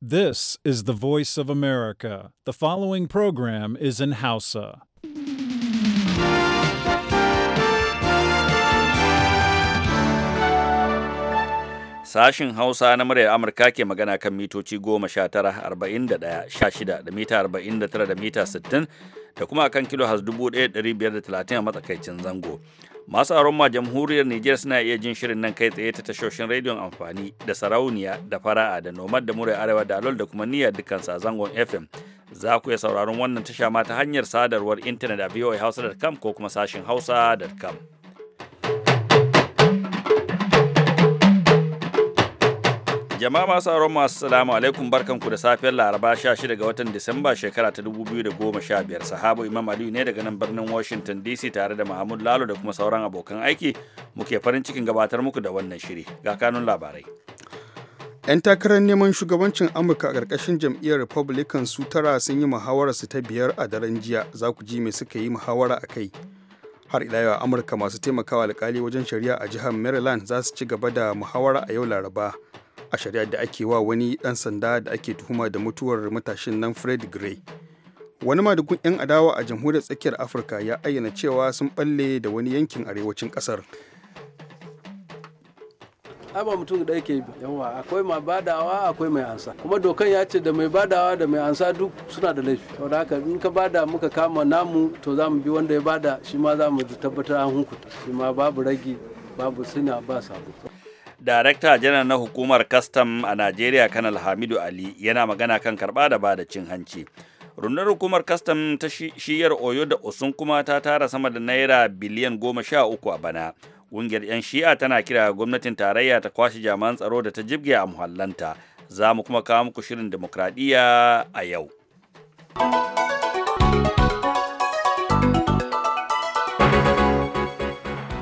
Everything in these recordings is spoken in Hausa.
This is the voice of America. The following program is in Hausa. Sashin Hausa na muryar Amurka ke magana kan mitoci goma sha tara arba'in da ɗaya sha shida da mita arba'in da tara da mita sittin da kuma akan kilo has 1530 a matsakaicin zango. Masu aron ma jamhuriyar Nijar suna iya jin shirin nan kai tsaye ta tashoshin rediyon amfani da sarauniya da fara'a da nomad da murai arewa da alol da kuma niyyar sa zangon FM. Za ku iya sauraron wannan tasha ma ta hanyar sadarwar intanet a voahausa.com ko kuma sashin hausa.com. Jama'a masu auren masu salamu alaikum barkanku da safiyar Laraba 16 ga watan Disamba shekara ta 2015 sahabo Imam Aliyu ne daga nan birnin Washington DC tare da Mahmud Lalo da kuma sauran abokan aiki muke farin cikin gabatar muku da wannan shiri ga kanun labarai. 'Yan takarar neman shugabancin Amurka a ƙarƙashin jam'iyyar Republican su tara sun yi su ta biyar a daren jiya za ku ji mai suka yi muhawara a kai. har ila yau amurka masu taimakawa alkali wajen shari'a a jihar maryland za su ci gaba da muhawara a yau laraba a shari'ar da ake wa wani ɗan sanda da ake tuhuma da mutuwar matashin nan fred gray wani madugun 'yan adawa a jamhuriyar tsakiyar afirka ya ayyana cewa sun balle da wani yankin arewacin ƙasar ai ba mutum da yake yawa akwai mai badawa akwai mai ansa kuma dokan ya ce da mai badawa da mai ansa duk suna da laifi to haka in ka bada muka kama namu to za mu bi wanda ya bada shi ma za mu tabbatar an hukunta shi ma babu ragi babu suna ba sabo Darakta janar na hukumar kastam a Najeriya Kanal Hamidu Ali yana magana kan karɓa da ba da cin hanci. rundunar hukumar kastam ta shiyar oyo da osun kuma ta tara sama da naira biliyan goma sha uku a bana ƙungiyar 'yan shi'a tana kira gwamnatin tarayya ta kwashe jami'an tsaro da ta jibge a muhallanta za mu kuma kawo muku shirin demokradiyya a yau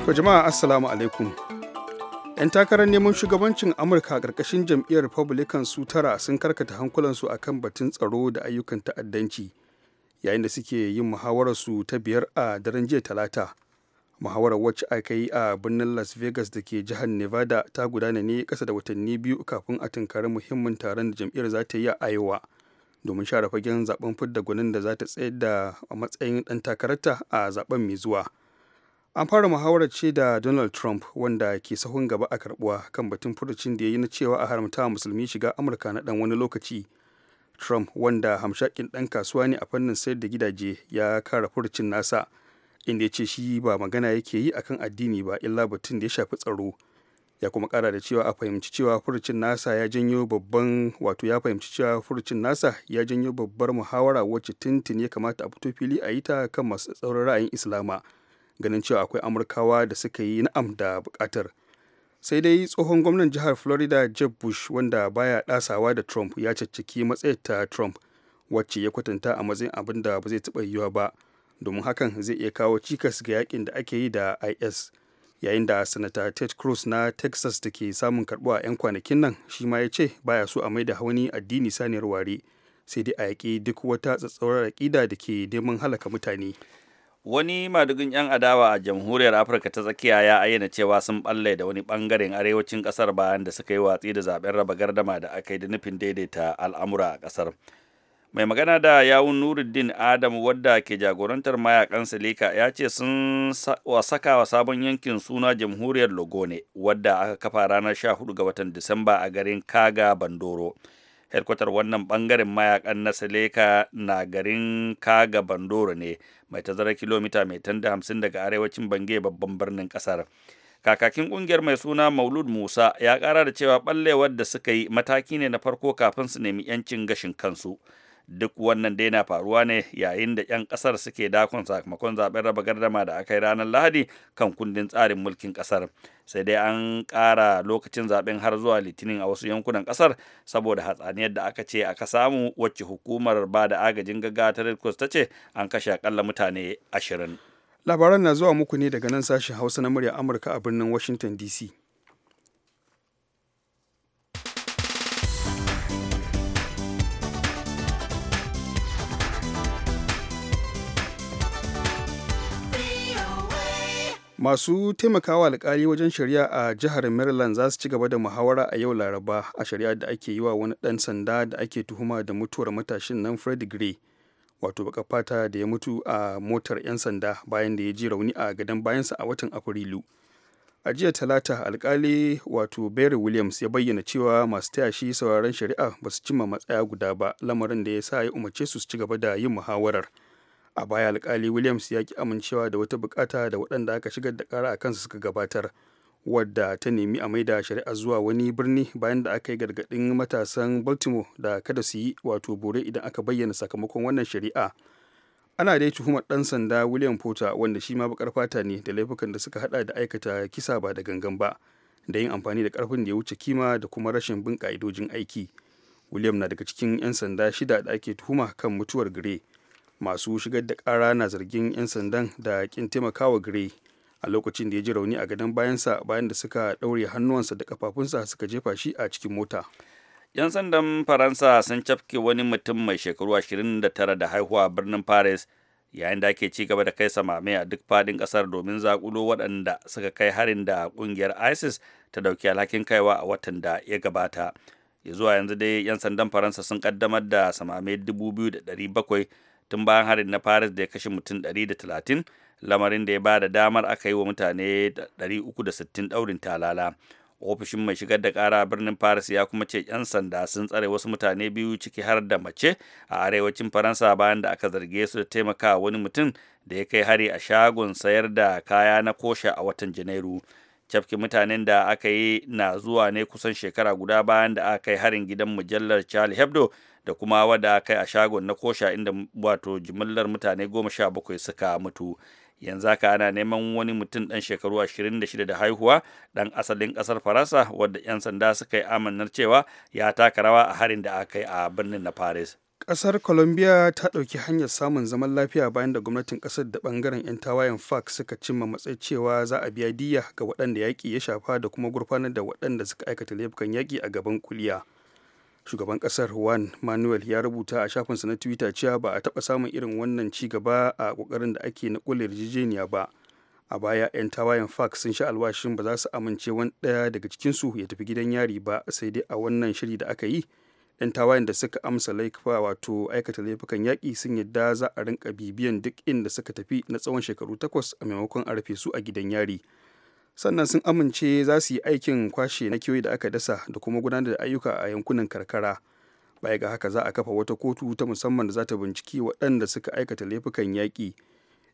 to jama'a assalamu alaikum 'yan takarar neman shugabancin amurka a ƙarƙashin jam'iyyar republican su tara sun karkata hankulansu a kan batun tsaro da ayyukan ta'addanci yayin da suke yin su ta biyar a daren jiya talata muhawarar wacce aka yi a birnin las vegas da ke jihar nevada ta gudana ne kasa da watanni biyu kafin a tunkari muhimmin taron da jam'iyyar za ta yi a iowa domin share fagen zaben fidda gwanin da za ta tsayar da a matsayin ɗan takararta a zaben mai zuwa an fara muhawarar ce da donald trump wanda ke sahun gaba a karbuwa kan batun furucin da ya yi na cewa a haramta musulmi shiga amurka na dan wani lokaci trump wanda hamshakin dan kasuwa ne a fannin sayar da gidaje ya kara furucin nasa inda ya ce shi ba magana yake yi akan addini ba illa batun da ya shafi tsaro ya kuma kara da cewa a fahimci cewa furucin nasa ya janyo babban wato ya fahimci cewa furucin nasa ya janyo babbar muhawara wacce tuntun ya kamata a fito fili a yi ta kan masu tsaurin ra'ayin islama ganin cewa akwai amurkawa da suka yi na'am da bukatar sai dai tsohon gwamnan jihar florida jeb bush wanda baya dasawa da trump ya cacciki matsayar ta trump wacce ya kwatanta a matsayin abin da ba zai taɓa yiwuwa ba domin hakan zai iya kawo cikas ga yakin da ake yi da is yayin da sanata ted cruz na texas da ke samun a 'yan kwanakin nan shi ma ya ce baya so a maida hauni addini saniyar ware sai dai a yaƙi duk wata tsatsaurar aƙida da ke neman halaka mutane wani madugin 'yan adawa a jamhuriyar afirka ta tsakiya ya ayyana cewa sun balle da wani bangaren arewacin ƙasar bayan da suka yi watsi da zaɓen raba gardama da aka yi da nufin daidaita al'amura a ƙasar. mai magana da yawun nuruddin adam wadda ke jagorantar mayakan silika ya ce sun saka wa sabon yankin suna jamhuriyar logone wadda aka kafa ranar 14 ga watan disamba a garin kaga bandoro Hedkwatar wannan bangaren mayakan na Seleka na garin Kaga Bandoro ne mai tazarar kilomita mai tanda hamsin daga arewacin Bange babban birnin kasar. Kakakin kungiyar mai suna Maulud Musa ya kara da cewa ballewar da suka yi mataki ne na farko kafin su nemi 'yancin gashin kansu. duk wannan dai na faruwa ne yayin da 'yan kasar suke dakon sakamakon zaben raba gardama da aka yi ranar lahadi kan kundin tsarin mulkin kasar sai dai an ƙara lokacin zaben har zuwa litinin a wasu yankunan kasar saboda hatsaniyar da aka ce aka samu wacce hukumar ba da agajin gaggawa ta red cross ta ce an kashe akalla mutane ashirin labaran na zuwa muku ne daga nan sashen hausa na murya amurka a birnin washington dc masu taimakawa alkali wajen shari'a a jihar maryland za su ci gaba da muhawara a yau laraba a shari'a da ake yi wa wani ɗan sanda da ake tuhuma da mutuwar matashin nan fred gray wato baka fata da ya mutu a motar 'yan sanda bayan da ya ji rauni a gadon bayansa a watan afrilu a jiya talata alkali wato barry williams ya bayyana cewa masu taya shi sauraron shari'a ba su cimma matsaya guda ba lamarin da ya sa ya umarce su su ci gaba da yin muhawarar a baya alkali williams ya ki amincewa da wata bukata da waɗanda aka shigar da kara a kansu suka gabatar wadda ta nemi a maida shari'a zuwa wani birni bayan da aka yi gargaɗin matasan baltimore da kada su yi wato bore idan aka bayyana sakamakon wannan shari'a ana dai tuhumar ɗan sanda william porter wanda shi ma bakar fata ne da laifukan da suka hada da aikata kisa ba da gangan ba da yin amfani da karfin da ya wuce kima da kuma rashin bin ka'idojin aiki william na daga cikin 'yan sanda shida da ake tuhuma kan mutuwar gray masu shigar da kara na zargin 'yan sandan da kin taimakawa gray a lokacin da ya ji rauni a gadon bayansa bayan da suka ɗaure hannuwansa da kafafunsa suka jefa shi a cikin mota 'yan sandan faransa sun cafke wani mutum mai shekaru 29 da haihuwa a birnin paris yayin da ake ci gaba da kai samame a duk fadin kasar domin zakulo waɗanda suka kai harin da kungiyar isis ta dauki alhakin kaiwa a watan da ya gabata zuwa yanzu dai 'yan sandan faransa sun kaddamar da samame 2,700 tun bayan harin na paris da ya kashe mutum 130 lamarin da ya ba da damar aka yi wa mutane 360 daurin talala ofishin mai shigar da kara birnin paris ya kuma ce 'yan sanda sun tsare wasu mutane biyu ciki har da mace a arewacin faransa bayan da aka zarge su da taimaka wani mutum da ya kai hari a shagon sayar da kaya na kosha a watan janairu cafke mutanen da aka yi na zuwa ne kusan shekara guda bayan da aka yi harin gidan mujallar charlie hebdo da kuma wadda aka yi a shagon na kosha inda wato jimillar mutane goma sha bakwai suka mutu yanzu haka ana neman wani mutum ɗan shekaru 26 da haihuwa ɗan asalin ƙasar faransa wadda 'yan sanda suka yi amannar cewa ya taka rawa a harin da aka yi a birnin na paris kasar colombia ta dauki hanyar samun zaman lafiya bayan da gwamnatin kasar da bangaren 'yan tawayen fac suka cimma matsayi cewa za a biya diya ga waɗanda yaƙi ya shafa da kuma gurfanar da waɗanda suka aikata laifukan yaƙi a gaban kuliya shugaban kasar juan manuel ya rubuta a shafinsa na twitter cewa ba a taɓa samun irin wannan ci gaba a kokarin da ake na ƙulla yarjejeniya ba a baya 'yan tawayen fark sun sha alwashin ba za su amince wani ɗaya daga cikinsu ya tafi gidan yari ba sai dai a wannan shiri da aka yi 'yan tawayen da suka amsa laifuka wato aikata laifukan yaƙi sun yadda za a rinka bibiyan duk inda suka tafi na tsawon shekaru takwas a maimakon a rufe su a gidan yari sannan sun amince za su yi aikin kwashe na kiyoyi da aka dasa da kuma gudanar da ayyuka a yankunan karkara baya ga haka za a kafa wata kotu ta musamman da za ta binciki waɗanda suka aikata laifukan yaƙi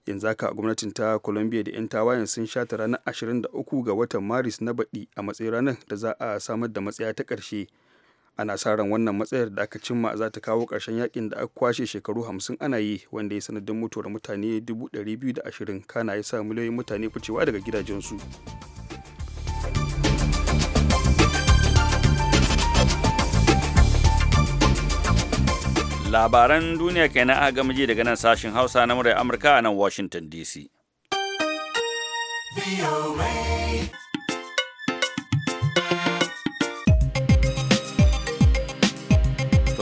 yanzu haka gwamnatin ta colombia da 'yan tawayen sun shata ranar 23 ga watan maris na baɗi a matsayin ranar da za a samar da matsaya ta ƙarshe ana sa ran wannan matsayar da aka cimma za ta kawo ƙarshen yakin da aka kwashe shekaru hamsin ana yi wanda ya sanadin mutuwar mutane 220 kana ya sa miliyoyin mutane ficewa daga gidajensu labaran duniya kenan aka gama ji daga nan sashen hausa na murar amurka a nan washington dc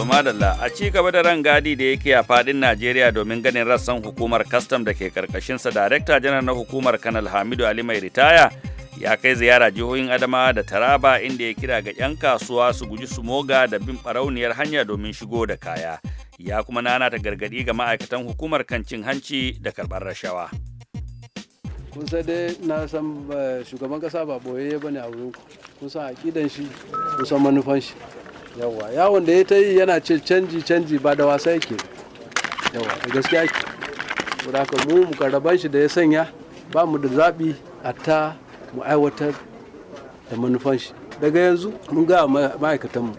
To madalla a ci gaba da rangadi da yake a fadin Najeriya domin ganin rassan hukumar kastam da ke karkashinsa Darekta janar na hukumar Kanal Hamidu Ali mai ritaya ya kai ziyara jihohin Adamawa da Taraba inda ya kira ga 'yan kasuwa su guji su moga da bin barauniyar hanya domin shigo da kaya. Ya kuma nana ta gargadi ga ma'aikatan hukumar kan cin hanci da karɓar rashawa. kun sai dai na san eh, shugaban kasa ba boye ba ne a wurin kun san aƙidan shi kun san manufan shi yawa yawon da ya ta yi yana ce canji canji ba da wasa yake yawa da gaskiya ke saboda mu karaban shi da ya sanya ba mu da zaɓi a ta mu aiwatar da manufan shi daga yanzu mun ga mu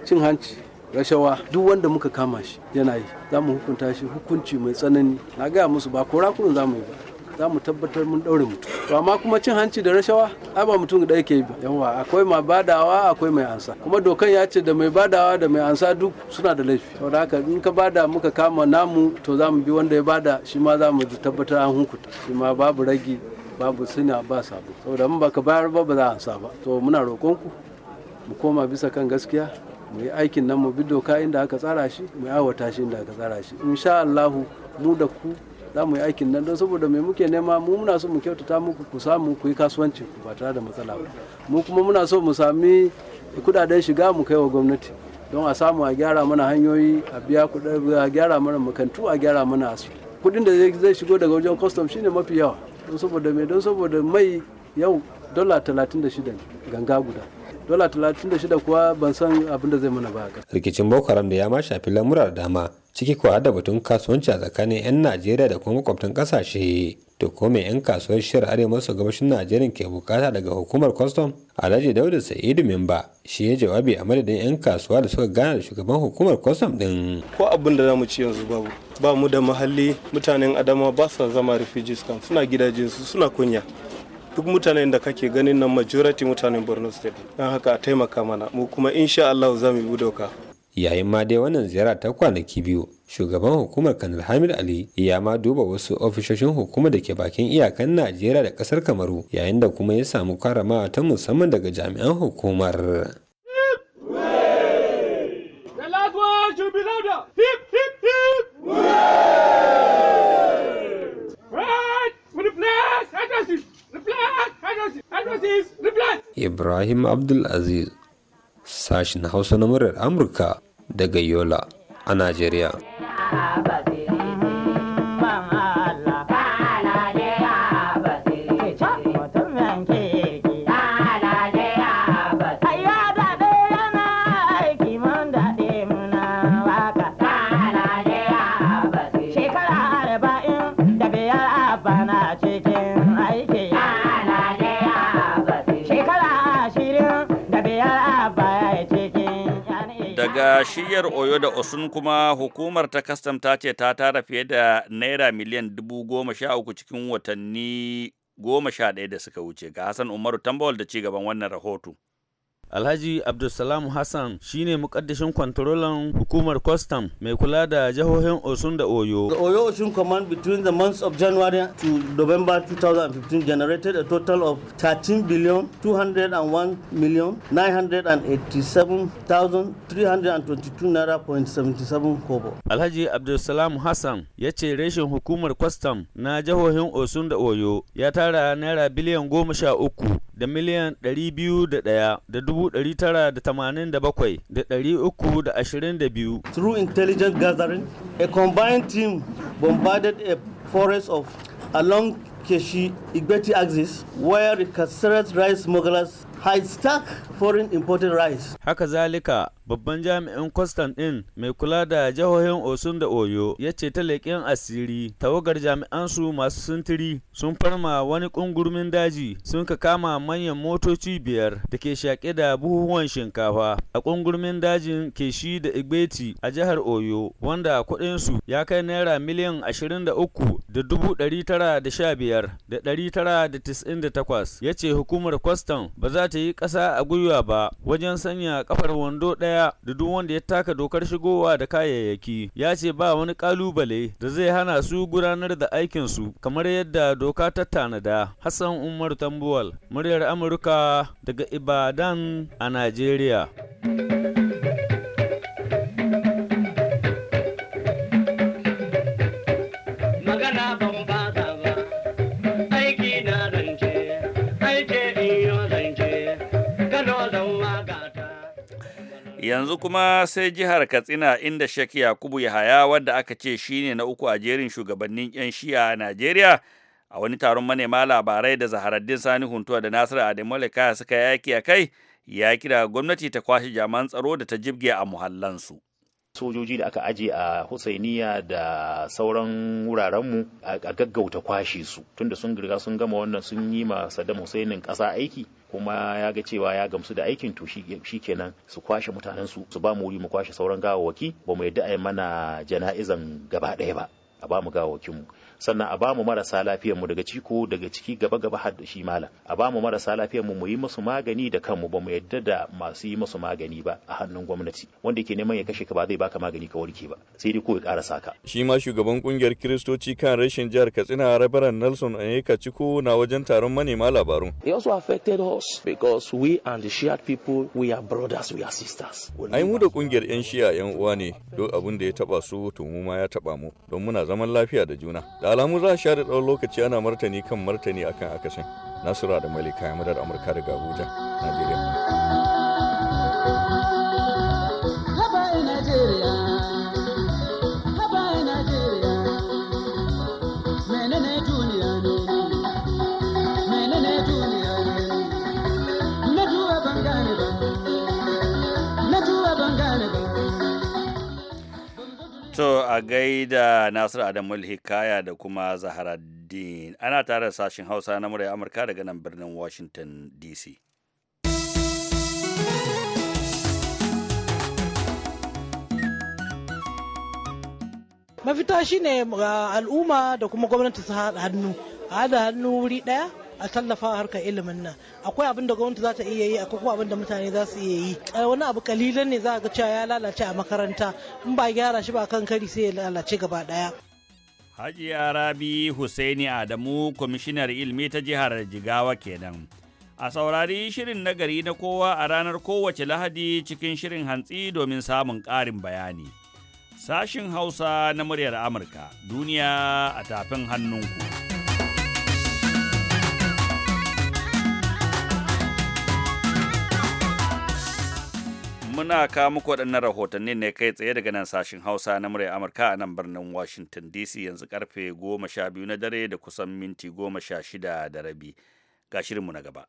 cin hanci rashawa duk wanda muka kama shi yana yi za mu hukunta shi hukunci mai tsanani na gaya musu ba ko kurin za mu yi ba za mu tabbatar mun ɗaure mutum to amma kuma cin hanci da rashawa ai ba mutum da yake ba yawa akwai mai badawa akwai mai ansa kuma dokan ya ce da mai badawa da mai ansa duk suna da laifi saboda haka in ka bada muka kama namu to za mu bi wanda ya bada shi ma za mu tabbatar an hunkuta shi ma babu ragi babu suna ba sabo saboda mun baka bayar ba ba za a ansa ba to muna roƙonku mu koma bisa kan gaskiya mu yi aikin nan mu bi doka inda aka tsara shi mu yi awata shi inda aka tsara shi insha Allahu mu da ku za mu yi aikin nan don saboda mai muke nema mu muna so mu kyautata muku ku samu ku yi kasuwanci ba tare da matsala ba mu kuma muna so mu sami kudaden shiga mu kai wa gwamnati don a samu a gyara mana hanyoyi a biya a gyara mana makantu a gyara mana asu kuɗin da zai shigo daga wajen custom shine mafi yawa don saboda mai don saboda mai yau dala 36 ganga guda dola talatin da shida kuwa ban san abin da zai mana ba rikicin boko haram da ya ma shafi lamura da dama ciki kuwa da batun kasuwanci a tsakanin 'yan najeriya da kuma makwabtan kasashe ko kuma 'yan kasuwar shirar arewa maso gabashin najeriya ke bukata daga hukumar kwastam alhaji dauda sa'idu mimba shi ya jawabi a madadin 'yan kasuwa da suka gana da shugaban hukumar kwastam din ko abin da zamu ci yanzu babu ba mu da muhalli mutanen adama ba sa zama refugees kan suna gidajensu suna kunya duk mutanen da kake ganin nan majority mutanen borno state don haka a taimaka mana mu kuma insha allahu za mu yi doka yayin ma dai wannan ziyara ta kwanaki biyu shugaban hukumar kanal hamid ali ya ma duba wasu ofishoshin hukumar da ke bakin iyakan najeriya da kasar kamaru yayin da kuma ya samu karamawa ta musamman daga jami'an hukumar Hip, Ibrahim Abdulaziz, sashin Hausa na murar Amurka daga Yola a Najeriya. shiyar oyo da osun kuma hukumar ta kastam ta ce ta tara fiye da naira miliyan dubu goma sha uku cikin watanni goma sha ɗaya da suka wuce ga hassan umaru tambawal da ci gaban wannan rahoto Alhaji Abdulsalam Hassan shine mukaddashin kwantarolan hukumar custom mai kula da jihohin Osun da Oyo. The Oyo Osun Command between the months of January to November 2015 generated a total of 13 billion 201 million 987,322 naira point 77 kobo. Alhaji Abdulsalam Hassan ya ce reshen hukumar custom na jihohin Osun da Oyo ya tara naira biliyan goma sha uku da miliyan 201,987,322. Through intelligent gathering, a combined team bombarded a forest of along Keshi Igbeti axis where the Kaseret rice smugglers has stuck foreign imported rice. Haka zalika babban jami'in kwastan ɗin mai kula da jihohin Osun da Oyo ya ce ta leƙen asiri tawagar jami'an su masu sintiri sun farma wani ƙungurmin daji sun ka kama manyan motoci biyar da ke shaƙe da buhuhuwan shinkafa a ƙungurmin dajin Keshi da Igbeti a jihar Oyo wanda kuɗin su ya kai naira miliyan ashirin da uku da dubu ɗari tara da sha biyar da ɗari tara da tis'in da takwas ya ce hukumar kwastan ba za ta yi ƙasa a gwiwa ba wajen sanya kafar wando ɗaya da duk wanda ya taka dokar shigowa da kayayyaki ya ce ba wani ƙalubale da zai hana su gudanar da aikinsu kamar yadda doka ta tanada hassan umar tambuwal muryar amurka daga ibadan a najeriya yanzu kuma sai jihar katsina inda shek yakubu yahaya wadda aka ce shine na uku a jerin shugabannin 'yan Shi'a a najeriya a wani taron manema labarai da zaharaddin sani huntuwa da nasiru kaya suka yaki a kai ya kira gwamnati ta kwashe jaman tsaro da ta jibge a muhallansu sojoji da aka aje a Husainiya da sauran wurarenmu a gaggauta kwashe su tunda sun riga sun gama wannan sun yi ma Saddam husainin ƙasa aiki kuma ya ga cewa ya gamsu da aikin to shi kenan su kwashe mutanen su su ba mu wuri mu kwashe sauran gawawwaki ba mu yadda a yi mana jana'izan gaba ɗaya ba a ba mu gawawwakin mu sannan a bamu marasa lafiyar mu daga ciko daga ciki gaba gaba har da shi malam a bamu marasa lafiyar mu mu yi musu magani da kanmu ba mu yadda da masu yi musu magani ba a hannun gwamnati wanda ke neman ya kashe ka ba zai baka magani ka warke ba sai dai ko ya ƙara saka shi ma shugaban kungiyar kiristoci kan rashin jihar katsina rabaran nelson anyeka ciko na wajen taron manema labarun they also affected us because we and the shared people we are brothers we are sisters ai mu da kungiyar yan shiya yan uwa ne duk abin da ya taba su to mu ma ya taba mu don muna zaman lafiya da juna alamun za a share tsawon lokaci ana martani kan martani akan akasin nasura da mali kayan madar amurka daga abuja najeriya a gaida Nasiru Adamu Hikaya da kuma din Ana tare da sashen Hausa na murya Amurka daga nan birnin Washington DC. Mafita shine uh, al'umma da kuma gwamnati su haɗa hannu. Haɗa hannu wuri ɗaya a tallafa harkar ilimin nan akwai abin da gwamnati za ta iya yi akwai kuma abin da mutane za su iya yi eh, wani abu kalilan ne za ga cewa ya lalace a makaranta in ba gyara shi ba kan kari sai ya lalace gaba daya Hajiya Rabi Husaini Adamu kwamishinar ilimi ta jihar Jigawa kenan. A saurari shirin nagari na kowa a ranar kowace Lahadi cikin shirin hantsi domin samun ƙarin bayani. Sashin Hausa na muryar Amurka, duniya a tafin hannunku. muna kawo muku waɗannan rahotannin ne kai tsaye daga nan sashen hausa na murya amurka a nan birnin washington dc yanzu karfe goma sha biyu na dare da kusan minti goma sha shida da rabi ga shirinmu na gaba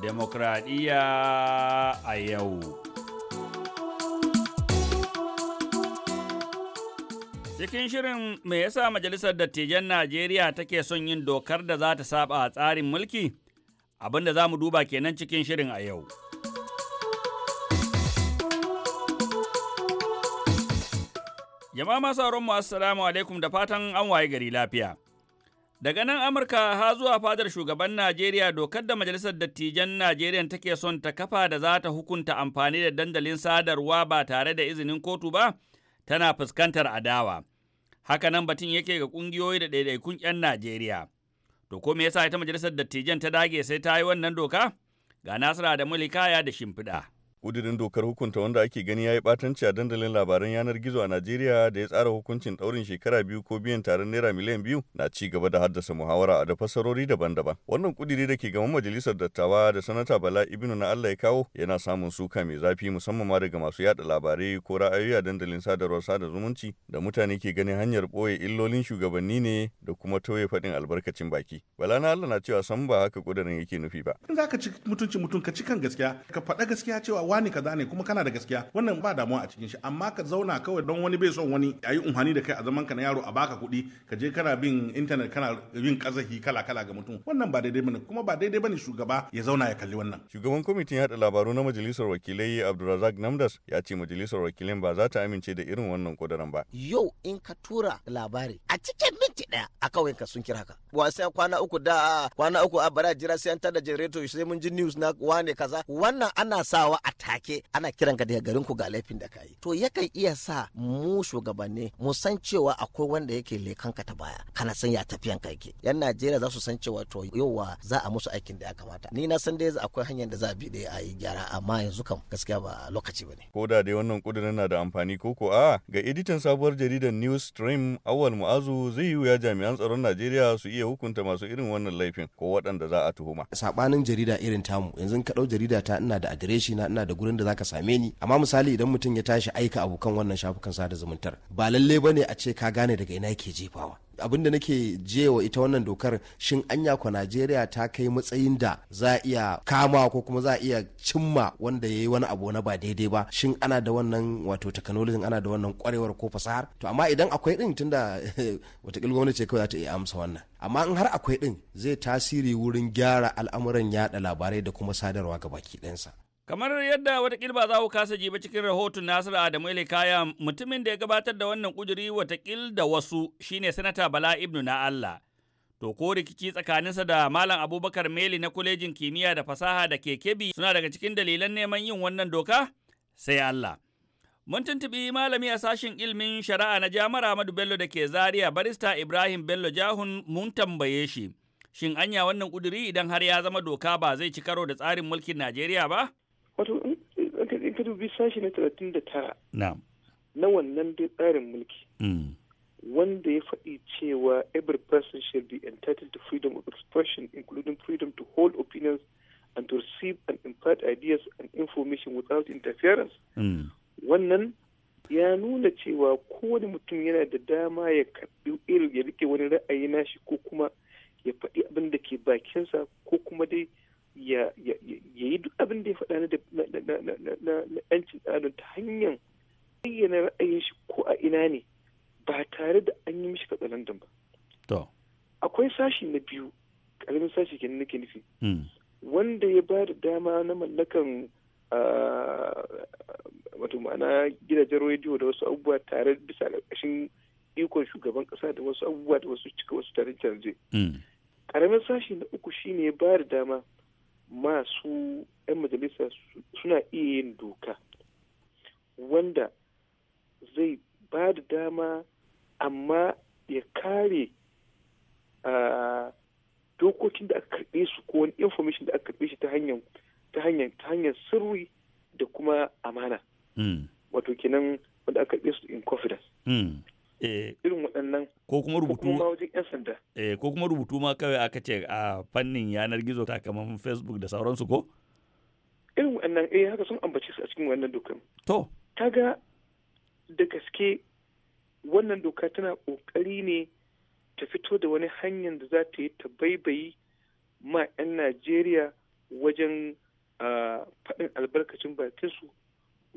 demokradiyya a yau Cikin shirin me yasa Majalisar Dattijan Najeriya take son yin dokar da za ta saba a tsarin mulki? Abin da za mu duba kenan cikin shirin a yau. Jama'a masu mu assalamu alaikum da fatan an waye gari lafiya. Daga nan Amurka ha zuwa fadar shugaban Najeriya dokar da Majalisar Dattijan Najeriya take son ta kafa da za ta hukunta amfani da dandalin sadarwa ba tare da izinin kotu ba, tana fuskantar adawa. Haka nan batun yake ga ƙungiyoyi da ɗaiɗaikun 'yan Najeriya. To ko me yasa ita majalisar dattijan ta dage sai ta yi wannan doka? Ga Nasira da Mulikaya da shimfiɗa. ƙudurin dokar hukunta wanda ake gani ya yi batanci a dandalin labaran yanar gizo a Najeriya da ya tsara hukuncin ɗaurin shekara biyu ko biyan taron naira miliyan biyu na ci gaba da haddasa muhawara da fassarori daban-daban. Wannan kudiri da ke gaban majalisar dattawa da sanata Bala Ibnu na Allah ya kawo yana samun suka mai zafi musamman ma daga masu yada labarai ko ra'ayoyi a dandalin sadarwar sada zumunci da mutane ke ganin hanyar ɓoye illolin shugabanni ne da kuma tauye faɗin albarkacin baki. Bala na Allah na cewa san ba haka ƙudurin yake nufi ba. In za ka ci mutuncin mutum ka ci kan gaskiya ka faɗa gaskiya cewa wani kaza ne kuma kana da gaskiya wannan ba damuwa a cikin shi amma ka zauna kawai don wani bai son wani a yi umhani da kai a zaman ka na yaro a baka kuɗi ka je kana bin intanet kana bin kazahi kala kala ga mutum wannan ba daidai bane kuma ba daidai bane shugaba ya zauna ya kalli wannan shugaban kwamitin yaɗa labaru na majalisar wakilai Abdulrazak Namdas ya ce majalisar wakilin ba za ta amince da irin wannan kudaran ba yau in ka tura labari a cikin minti daya a kawai ka sun kira ka wa sai kwana uku da kwana uku a bara jira sai an tada generator sai mun ji news na wane kaza wannan ana sawa a take ana kiran ka daga garin ku ga laifin da ka yi to yakan iya sa mu shugabanni mu san cewa akwai wanda yake lekan ka ta baya kana san ya tafiyan ka yake yan Najeriya za su san cewa to yauwa za a musu aikin da ya kamata ni na san dai akwai hanyar da za a bi da a yi gyara amma yanzu kam gaskiya ba lokaci bane ko da dai wannan kudirin na da amfani ko ko a ga editan sabuwar jaridar new Stream Awal Mu'azu zai yi ya jami'an tsaron Najeriya su iya hukunta masu irin wannan laifin ko waɗanda za a tuhuma sabanin jarida irin tamu yanzu ka dau jarida ta ina da adireshi na ina da gurin da zaka same ni amma misali idan mutum ya tashi aika abokan wannan shafukan sada zumuntar ba lalle bane a ce ka gane daga ina yake jefawa abin da nake jewa ita wannan dokar shin anya ko najeriya ta kai matsayin da za a iya kama ko kuma za a iya cimma wanda ya yi wani abu na ba daidai ba shin ana da wannan wato technology ana da wannan kwarewar ko fasahar to amma idan akwai din tunda watakila gwamnati ce kawai za ta iya amsa wannan amma in har akwai din zai tasiri wurin gyara al'amuran yada labarai da kuma sadarwa ga baki ɗansa Kamar yadda watakila ba za ku kasa ji ba cikin rahoton Nasiru Adamu kaya mutumin da ya gabatar da wannan kuduri, watakil da wasu shine Sanata Bala Ibnu na Allah. To ko rikici tsakaninsa da Malam Abubakar Meli na Kwalejin Kimiyya da Fasaha da Kekebi suna daga cikin dalilan neman yin wannan doka? Sai Allah. Mun tuntubi malami a sashen ilimin shari'a na Jami'ar Ahmadu Bello da ke Zaria barista Ibrahim Bello Jahun mun tambaye shi. Shin anya wannan kuduri idan har ya zama doka ba zai ci karo da tsarin mulkin Najeriya ba? dubi sashi na talatin da na wannan dai tsarin mulki mm. wanda ya faɗi cewa every person shall be entitled to freedom of expression including freedom to hold opinions and to receive and impart ideas and information without interference mm. wannan ya nuna cewa kowane mutum yana da dama ya karɓi irin ya rike wani ra'ayi nashi ko kuma ya faɗi abin da ke bakinsa ko kuma dai ya yi duk abin da ya faɗa na yancin ɗanin ta hanyar bayyana ra'ayin shi ko a ina ne ba tare da an yi mishi katsalandan ba. Akwai sashi na biyu, ƙaramin sashi kenan nake nufi. Hmm. Wanda ya ba da dama na mallakan ah, wato ma'ana gidajen rediyo da wasu abubuwa tare bisa ƙarƙashin ikon shugaban ƙasa da wasu abubuwa da wasu cika wasu tarin canje. Hmm. Ƙaramin sashi na uku shine ya ba da dama masu 'yan majalisa suna iya yin doka wanda zai ba da dama amma ya kare dokokin da aka karɓe su ko wani information da aka karɓe shi ta hanyar ta hanyar sirri da kuma amana hmm. wato kenan wanda aka karɓe su in confidence hmm. Eh. irin waɗannan ko kuma rubutu eh ko kuma rubutu ma kawai aka ce a fannin yanar gizo takamman facebook da sauransu ko irin waɗannan eh haka sun ambace su a cikin wannan dokan to kaga da gaske wannan doka tana ƙoƙari ne ta fito da wani hanyar da za ta yi ta baibayi ma 'yan najeriya wajen faɗin albarkacin bakinsu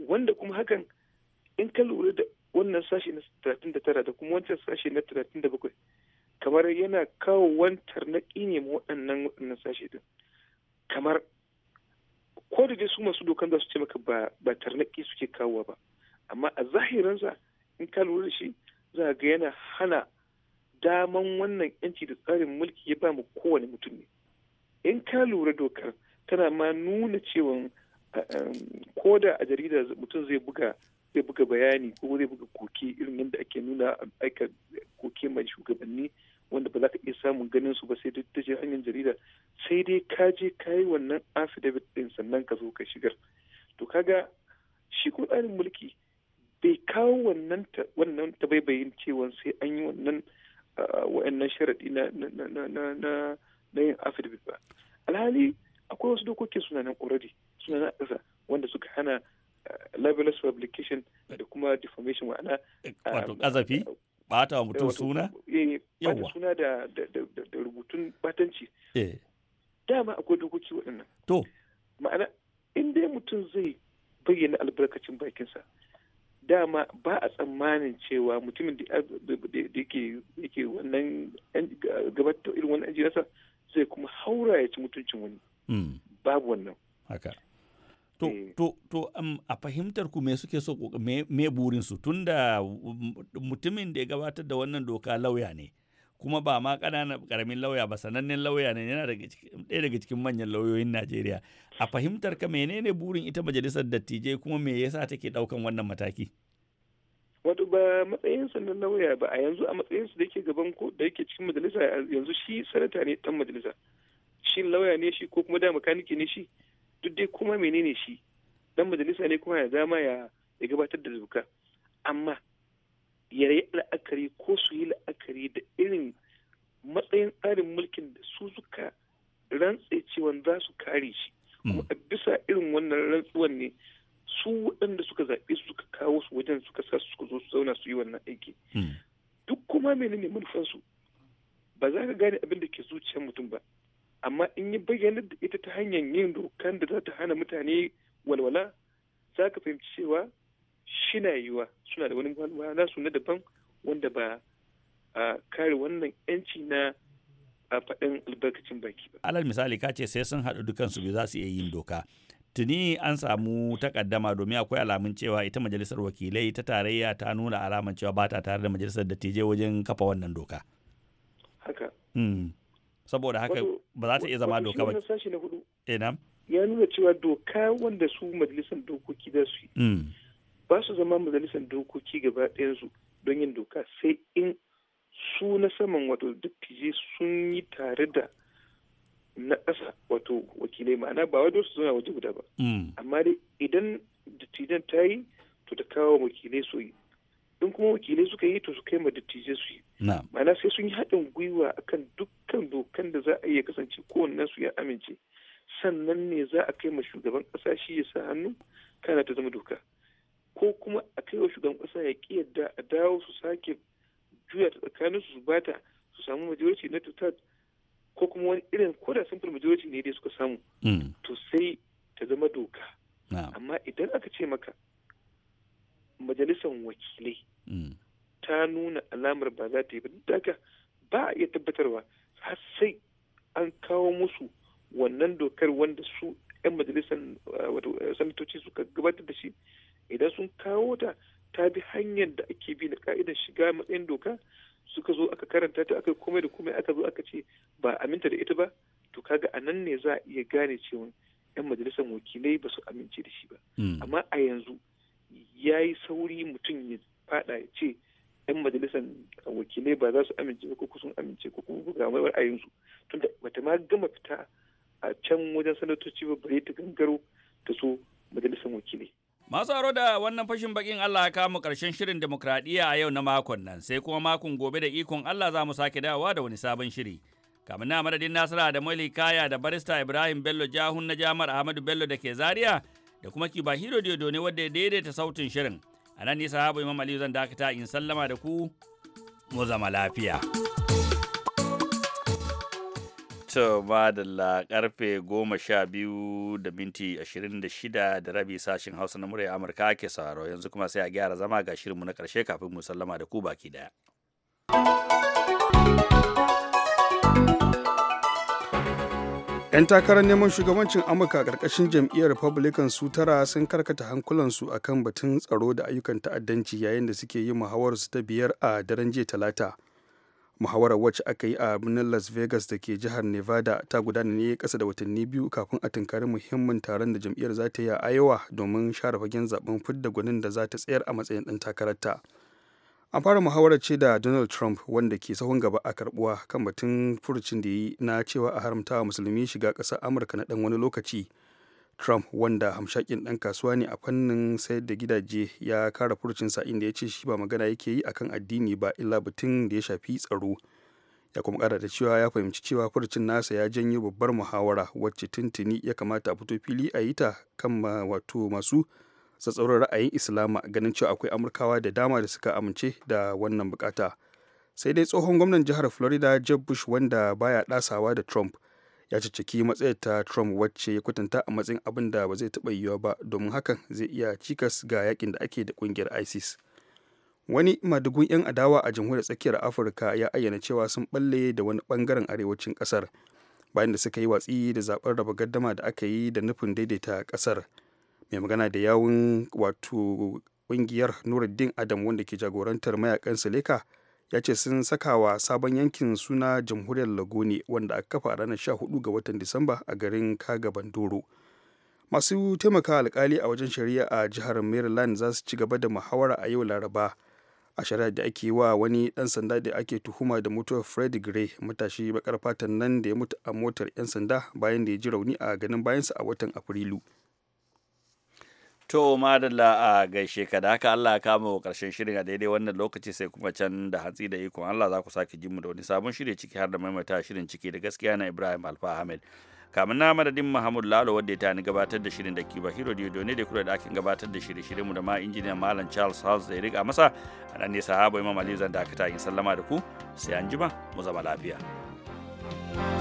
wanda kuma hakan in ka lura da wannan sashi na 39 da kuma wancan sashi na 37 kamar yana kawo wantar na ne ma waɗannan waɗannan sashi din kamar ko da dai su masu dokan za su ce maka ba tarnaƙi suke kawowa ba amma a zahiransa in ka lura da shi za ga yana hana daman wannan yanci da tsarin mulki ya ba mu kowane mutum ne in ka lura dokar tana ma nuna cewa ko da a jarida mutum zai buga zai buga bayani ko zai buga koke irin yadda ake nuna aika koke mai shugabanni wanda ba za ka iya samun ganin su ba sai dai ta hanyar jarida sai dai ka je ka yi wannan affidavit din sannan ka zo ka shigar to kaga shi ko tsarin mulki bai kawo wannan wannan tabaibayin cewa sai an yi wannan wa'annan sharaɗi na na yin affidavit ba alhali akwai wasu dokokin suna nan already suna na ƙasa wanda suka hana libelous publication eh. da kuma defamation ma'ana eh, ah, wato azafi bata wa mutum eh, suna yawa suna da rubutun batanci dama akwai dokoki waɗannan to ma'ana in dai mutum zai bayyana albarkacin bakinsa dama ba a tsammanin cewa mutumin da yake wannan gabatar irin wannan ajiyarsa zai kuma haura ya ci mutuncin wani hmm. babu wannan To, eh. to, to um, a fahimtar ku me suke so me, me burinsu tunda um, mutumin da ya gabatar da wannan doka lauya ne kuma ba ma ƙananan karamin lauya ba sanannen lauya ne yana ɗaya daga cikin manyan lauyoyin Najeriya. A fahimtar ka menene burin ita majalisar dattijai kuma me yasa take ɗaukan wannan mataki? Wato ba matsayinsa na lauya ba a yanzu a matsayinsu da yake gaban ko da yake cikin majalisa yanzu shi sanata ne dan majalisa. Shin lauya ne shi ko kuma da makaniki ne shi? duk dai kuma menene shi dan majalisa ne kuma ya zama ya gabatar da doka amma ya yi la'akari ko su yi la'akari da irin matsayin tsarin mulkin da su suka rantse cewa za su kare shi kuma hmm. a bisa irin wannan rantsuwan ne su waɗanda suka zaɓe su suka kawo su wajen suka sa su zo su zauna su yi wannan aiki hmm. duk kuma menene manufansu ba za ka gane abin da ke zuciyar mutum ba amma in yi bayyana ita ta hanyar yin dokan da za ta hana mutane walwala za ka fahimci cewa shina yiwa suna da wani walwala su na daban wanda ba a kare wannan yanci na a faɗin albarkacin baki ba. Alal misali ka ce sai sun haɗu dukansu bai za su iya yin doka. tuni an samu takaddama domin akwai alamun cewa ita majalisar wakilai ta tarayya ta nuna alaman cewa ba ta tare da majalisar dattijai wajen kafa wannan doka. Haka. Hmm. saboda haka ba za ta iya zama doka ba sashi eh, ya nuna cewa doka wanda su majalisar dokoki da su mm. ba su zama majalisar dokoki gaba ɗayansu don yin doka sai in su na saman wato fije sun yi tare da na ƙasa wato wakilai ma'ana ba wajen su zauna waje guda ba mm. amma dai idan dattijan ta yi to ta kawo wakilai su yi in kuma wakilai suka yi to su kai ma dattijai su yi ma'ana sai sun yi haɗin gwiwa akan dukkan dokan da za a iya kasance kowannen su ya amince sannan ne za a kai ma shugaban ƙasa shi ya sa hannu kana ta zama doka ko kuma a kai wa shugaban ƙasa ya ƙi yadda a dawo su sake juya ta tsakanin su bata su samu majority na ta ko kuma wani irin ko da simple majority ne dai suka samu mm. to sai ta zama doka amma idan aka ce maka majalisar wakilai mm. ta nuna alamar ba za ta yi ba daga ba a iya tabbatarwa har sai an kawo musu wannan dokar wanda su 'yan majalisar uh, uh, sanatoci suka gabatar da shi idan sun kawo ta ta bi hanyar da ake bi na ka'idar shiga matsayin doka suka zo aka karanta ta aka komai da komai aka zo aka ce ba aminta da ita ba to kaga a nan ne za a iya gane cewa 'yan majalisar wakilai ba su amince da shi ba mm. amma a yanzu ya yi sauri mutum ya fada ya ce yan majalisar wakilai ba za su amince ko kusan amince ko kuma ga mai ra'ayinsu tunda bata ma gama fita a can wajen sanatoci ba bare ta gangaro ta so majalisar wakilai Masu aro da wannan fashin bakin Allah ya kama karshen shirin demokradiyya a yau na makon nan sai kuma makon gobe da ikon Allah za mu sake dawowa da wani sabon shiri. Kamin na madadin Nasara da Mali Kaya da barista Ibrahim Bello Jahun na Jamar Ahmadu Bello da ke Zaria da kuma Kiba Hiro Diodo ne wadda ya daidaita sautin shirin. A nan nisa habu Imam Aliyu zan dakata in sallama da ku mu zama lafiya. To madalla karfe goma sha biyu da minti ashirin da shida da rabi sashin Hausa na murya Amurka ke sauraro yanzu kuma sai a gyara zama ga shirinmu na karshe kafin mu sallama da ku baki daya. 'yan takarar neman shugabancin amurka a ƙarƙashin jam'iyyar republican su tara sun karkata hankulansu a kan batun tsaro da ayyukan ta'addanci yayin da suke yi su ta biyar a daren jiya talata muhawarar wacce aka yi a birnin las vegas da ke jihar nevada ta gudana ne kasa da watanni biyu kafin a tunkari muhimmin taron da jam'iyyar za ta yi a iowa domin share fagen zaben fidda gwanin da za ta tsayar a matsayin ɗan takararta. an fara muhawarar ce da donald trump wanda ke sahun gaba a karbuwa kan batun furucin da yi na cewa a haramta wa musulmi shiga ƙasar amurka na ɗan wani lokaci trump wanda hamshakin ɗan kasuwa ne a fannin sayar da gidaje ya kara sa inda ya ce shi ba magana yake yi akan addini ba illa batun da ya shafi tsaro ya kuma kara da cewa ya fahimci cewa furucin nasa ya janyo babbar muhawara wacce tuntuni ya kamata a fito fili a yi ta kan wato masu tsatsauran ra'ayin islama ganin cewa akwai amurkawa da dama da suka amince da wannan bukata sai dai tsohon gwamnan jihar florida jeb bush wanda baya ɗasawa da trump ya cicciki matsayar ta trump wacce ya kwatanta a matsayin abin da ba zai taba yiwuwa ba domin hakan zai iya cikas ga yakin da ake da ƙungiyar isis wani madugun 'yan adawa a jamhuriyar tsakiyar afirka ya ayyana cewa sun balle da wani bangaren arewacin kasar bayan da suka yi watsi da zaben raba gaddama da aka yi da nufin daidaita kasar mai magana da yawun wato kungiyar nuruddin adam wanda ke jagorantar mayakan seleka ya ce sun saka wa sabon yankin suna jamhuriyar lagone wanda aka kafa a ranar 14 ga watan disamba a garin kaga bandoro masu taimaka alkali a wajen shari'a a jihar maryland za su ci gaba da muhawara a yau laraba a shari'ar da ake wa wani dan sanda da ake tuhuma da mutuwar fred gray matashi bakar fatan nan da ya mutu a motar 'yan sanda bayan da ya ji rauni a ganin bayansa a watan afrilu To madalla a gaishe ka da haka Allah kama wa karshen shirin a daidai wannan lokaci sai kuma can da hantsi da ikon Allah za ku sake jin mu da wani sabon shirin ciki har da maimaita shirin ciki da gaskiya na Ibrahim Alfa Ahmed. Kamin na madadin mahmud Lalo wadda ya tani gabatar da shirin da Kiba Hiro Diodo ne da kula da akin gabatar da shirye shirin mu da ma injiniyan Malam Charles House da ya riga masa a nan ne sahaba Imam Aliyu zan dakata yi sallama da ku sai an jima mu zama lafiya. thank you